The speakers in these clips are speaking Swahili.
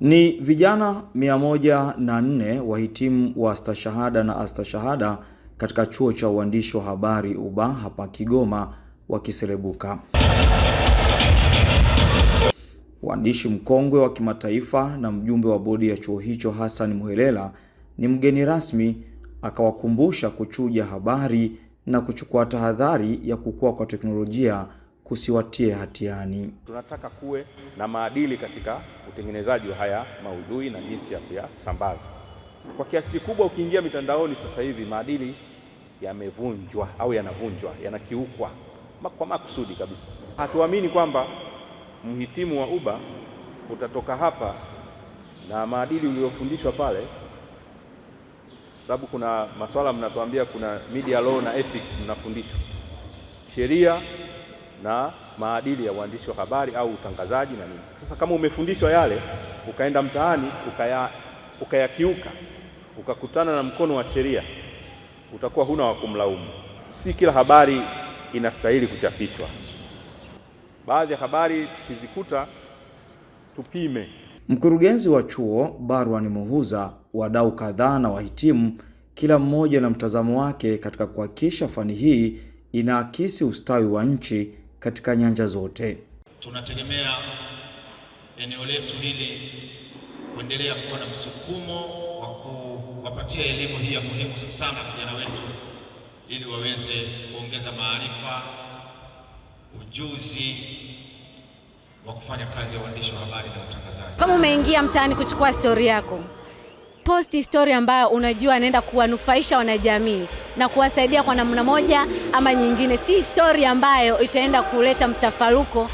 Ni vijana 104 wahitimu wa stashahada na astashahada katika chuo cha uandishi wa habari UBA hapa Kigoma wakiselebuka. Waandishi mkongwe wa kimataifa na mjumbe wa bodi ya chuo hicho Hassan Muhelela ni mgeni rasmi, akawakumbusha kuchuja habari na kuchukua tahadhari ya kukua kwa teknolojia kusiwatie hatiani. Tunataka kuwe na maadili katika utengenezaji wa haya maudhui na jinsi ya kuyasambaza. Kwa kiasi kikubwa, ukiingia mitandaoni sasa hivi maadili yamevunjwa au yanavunjwa, yanakiukwa kwa makusudi kabisa. Hatuamini kwamba mhitimu wa UBA utatoka hapa na maadili uliyofundishwa pale, sababu kuna masuala mnatuambia, kuna media law na ethics mnafundishwa sheria na maadili ya uandishi wa habari au utangazaji na nini. Sasa kama umefundishwa yale ukaenda mtaani ukayakiuka, ukakutana na mkono wa sheria, utakuwa huna wa kumlaumu. Si kila habari inastahili kuchapishwa. Baadhi ya habari tukizikuta tupime. Mkurugenzi wa chuo Barwan Muhuza, wadau kadhaa na wahitimu, kila mmoja na mtazamo wake katika kuhakikisha fani hii inaakisi ustawi wa nchi katika nyanja zote. Tunategemea eneo letu hili kuendelea kuwa na msukumo wa kuwapatia elimu hii ya muhimu sana vijana wetu ili waweze kuongeza maarifa, ujuzi wa kufanya kazi ya uandishi wa habari na utangazaji. Kama umeingia mtaani kuchukua stori yako unaposti story ambayo unajua anaenda kuwanufaisha wanajamii na kuwasaidia kwa namna moja ama nyingine, si story ambayo itaenda kuleta mtafaruko.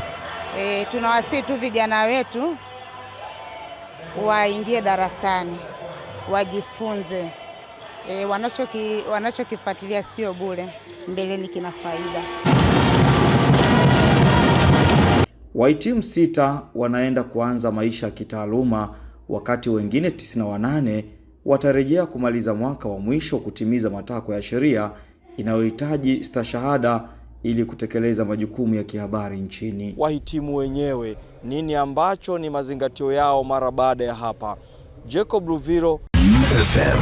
E, tunawasihi tu vijana wetu waingie darasani wajifunze. E, wanachoki wanachokifuatilia sio bure, mbeleni kina faida. Wahitimu sita wanaenda kuanza maisha ya kitaaluma wakati wengine 98 watarejea kumaliza mwaka wa mwisho kutimiza matakwa ya sheria inayohitaji stashahada ili kutekeleza majukumu ya kihabari nchini. Wahitimu wenyewe nini ambacho ni mazingatio yao mara baada ya hapa? Jacob Ruviro FM